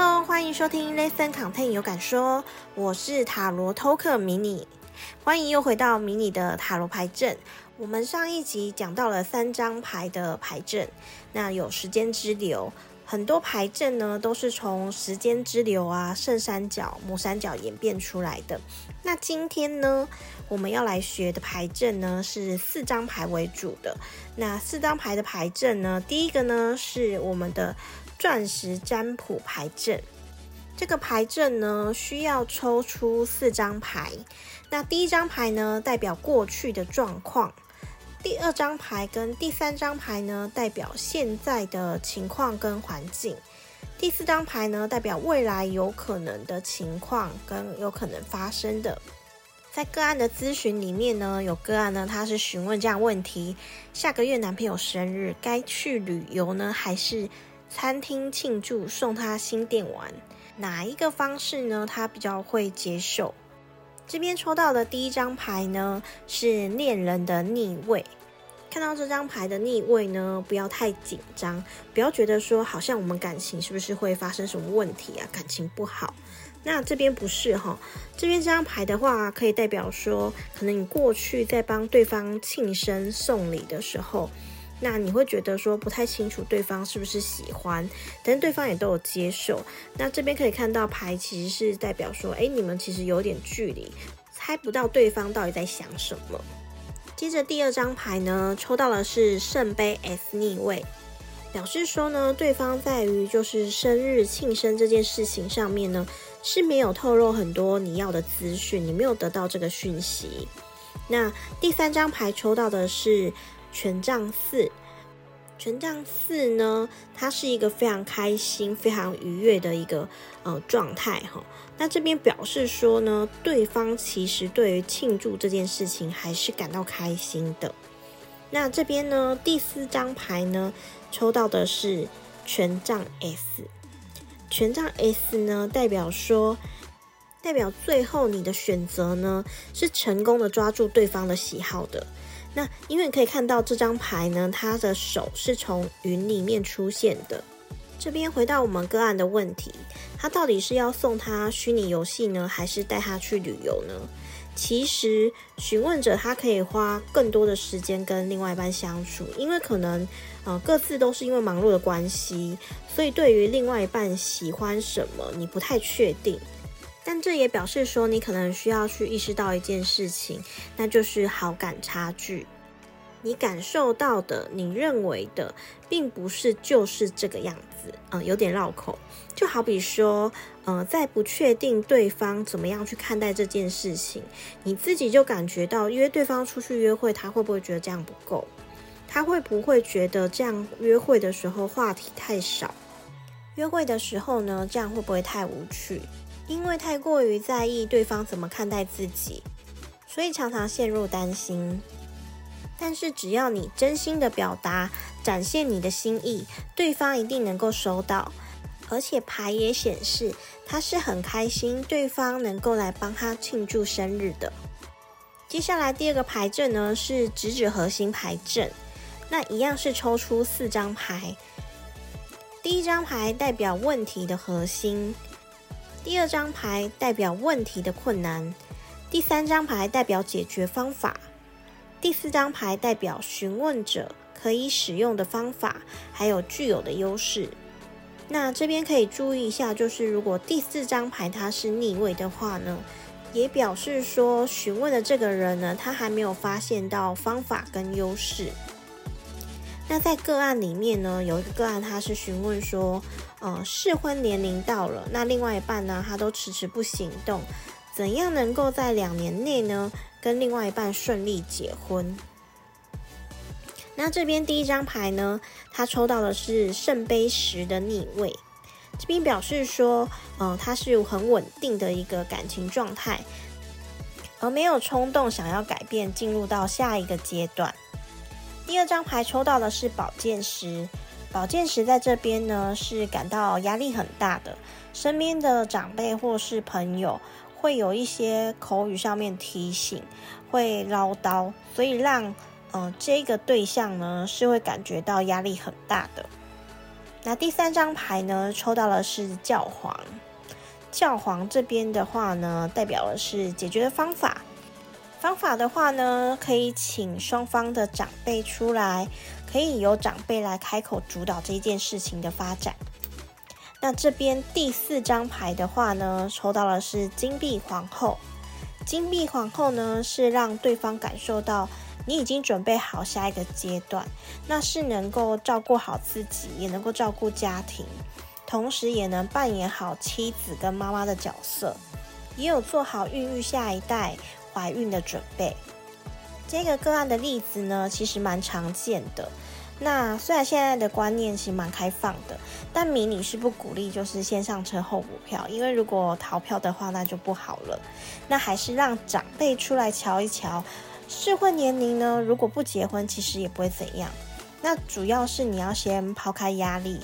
Hello，歡迎收聽 Listen Content 有感說，我是塔羅偷客迷你，歡迎又回到迷你的塔羅牌陣。我們上一集講到了三張牌的牌陣，那有時間之流，很多牌陣呢都是從時間之流啊、聖三角、魔三角演變出來的。那今天呢，我們要來學的牌陣呢是四張牌為主的。那四張牌的牌陣呢，第一個呢是我們的。鑽石占卜牌陣，這個牌陣呢，需要抽出四張牌。那第一張牌呢，代表過去的狀況；第二張牌跟第三張牌呢，代表現在的情況跟環境；第四張牌呢，代表未來有可能的情況跟有可能發生的。在個案的諮詢裡面呢，有個案呢，他是詢問這樣的問題：下個月男朋友生日，該去旅遊呢，還是？餐廳慶祝，送他新電玩，哪一個方式呢？他比較會接受？這邊抽到的第一張牌呢，是戀人的逆位。看到這張牌的逆位呢，不要太緊張，不要覺得說好像我們感情是不是會發生什麼問題啊？感情不好？那這邊不是哈，這邊這張牌的話啊，可以代表說，可能你過去在幫對方慶生送禮的時候。那你會覺得說不太清楚對方是不是喜歡，但是對方也都有接受。那這邊可以看到牌其實是代表說，哎、欸，你們其實有點距離，猜不到對方到底在想什麼。接着第二張牌呢，抽到的是聖杯 S 逆位，表示說呢，對方在於就是生日慶生這件事情上面呢是沒有透露很多你要的資訊，你沒有得到這個訊息。那第三張牌抽到的是。權杖四，權杖四呢，它是一個非常開心、非常愉悅的一個呃狀態哈。那這邊表示說呢，對方其實對於慶祝這件事情還是感到開心的。那這邊呢，第四張牌呢，抽到的是權杖 S，權杖 S 呢，代表說，代表最後你的選擇呢，是成功的抓住對方的喜好的。那因為你可以看到這張牌呢，他的手是從雲裡面出現的。這邊回到我們個案的問題，他到底是要送他虛擬遊戲呢，還是帶他去旅遊呢？其實詢問者他可以花更多的時間跟另外一半相處，因為可能呃各自都是因為忙碌的關係，所以對於另外一半喜歡什麼，你不太確定。但這也表示說，你可能需要去意識到一件事情，那就是好感差距。你感受到的，你認為的，並不是就是這個樣子。嗯、呃，有點繞口。就好比說，嗯、呃，在不確定對方怎麼樣去看待這件事情，你自己就感覺到約對方出去約會，他會不會覺得這樣不夠？他會不會覺得這樣約會的時候話題太少？約會的時候呢，這樣會不會太無趣？因為太過於在意對方怎麼看待自己，所以常常陷入擔心。但是只要你真心的表達，展現你的心意，對方一定能夠收到。而且牌也顯示他是很開心，對方能夠來幫他慶祝生日的。接下來第二個牌陣呢是直指核心牌陣，那一樣是抽出四張牌，第一張牌代表問題的核心。第二張牌代表問題的困難，第三張牌代表解決方法，第四張牌代表詢問者可以使用的方法，還有具有的優勢。那這邊可以注意一下，就是如果第四張牌它是逆位的話呢，也表示說詢問的這個人呢，他還沒有發現到方法跟優勢。那在個案裡面呢，有一個個案他是詢問說，呃，適婚年齡到了，那另外一半呢，他都遲遲不行動，怎樣能夠在兩年內呢跟另外一半順利結婚？那這邊第一張牌呢，他抽到的是聖杯十的逆位，這邊表示說，呃，他是很穩定的一個感情狀態，而沒有衝動想要改變，進入到下一個階段。第二張牌抽到的是寶劍十，寶劍十在這邊呢是感到壓力很大的，身邊的長輩或是朋友會有一些口語上面提醒，會嘮叨，所以讓嗯、呃、這個對象呢是會感覺到壓力很大的。那第三張牌呢抽到的是教皇，教皇這邊的話呢代表的是解決的方法。方法的話呢，可以請雙方的長輩出來，可以由長輩來開口主導這件事情的發展。那這邊第四張牌的話呢，抽到的是金幣皇後。金幣皇後呢，是讓對方感受到你已經準備好下一個階段，那是能夠照顧好自己，也能夠照顧家庭，同時也能扮演好妻子跟媽媽的角色，也有做好孕育下一代。懷孕的準備。這個個案的例子呢，其實蠻常見的。那雖然現在的觀念其實蠻開放的，但迷你是不鼓勵就是先上車後補票，因為如果逃票的話，那就不好了。那還是讓長輩出來瞧一瞧。適婚年齡呢，如果不結婚，其實也不會怎樣。那主要是你要先拋開壓力，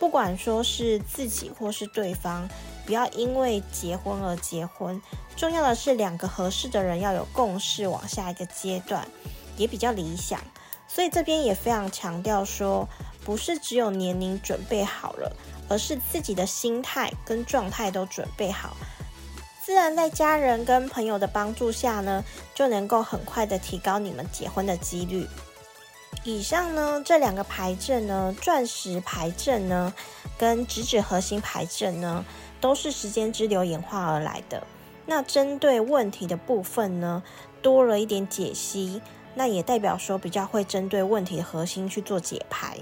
不管說是自己或是對方，不要因為結婚而結婚，重要的是兩個合適的人要有共識往下一個階段，也比較理想。所以這邊也非常強調說，不是只有年齡準備好了，而是自己的心態跟狀態都準備好，自然在家人跟朋友的幫助下呢，就能夠很快的提高你們結婚的幾率。以上呢，這兩個牌陣呢，鑽石牌陣呢，跟直指核心牌陣呢，都是時間之流演化而來的。那針對問題的部分呢，多了一點解析，那也代表說比較會針對問題的核心去做解牌。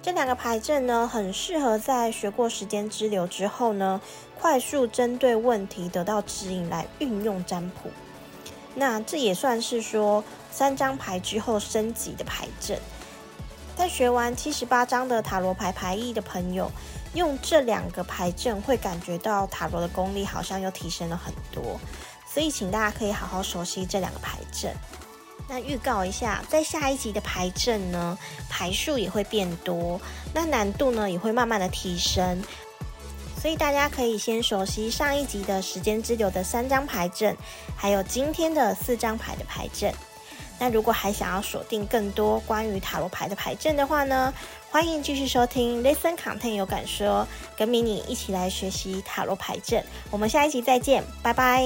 這兩個牌陣呢，很適合在學過時間之流之後呢，快速針對問題得到指引來運用占卜。那這也算是說三張牌之後升級的牌陣。但學完七十八張的塔羅牌牌意的朋友，用這兩個牌陣會感覺到塔羅的功力好像又提升了很多。所以，請大家可以好好熟悉這兩個牌陣。那預告一下，在下一集的牌陣呢，牌數也會變多，那難度呢也會慢慢的提升。所以大家可以先熟悉上一集的《時間之流》的三張牌陣，還有今天的四張牌的牌陣。那如果還想要鎖定更多關於塔羅牌的牌陣的話呢，歡迎繼續收聽《ListenContent 有感說》，跟迷你一起來學習塔羅牌陣。我們下一集再見，拜拜。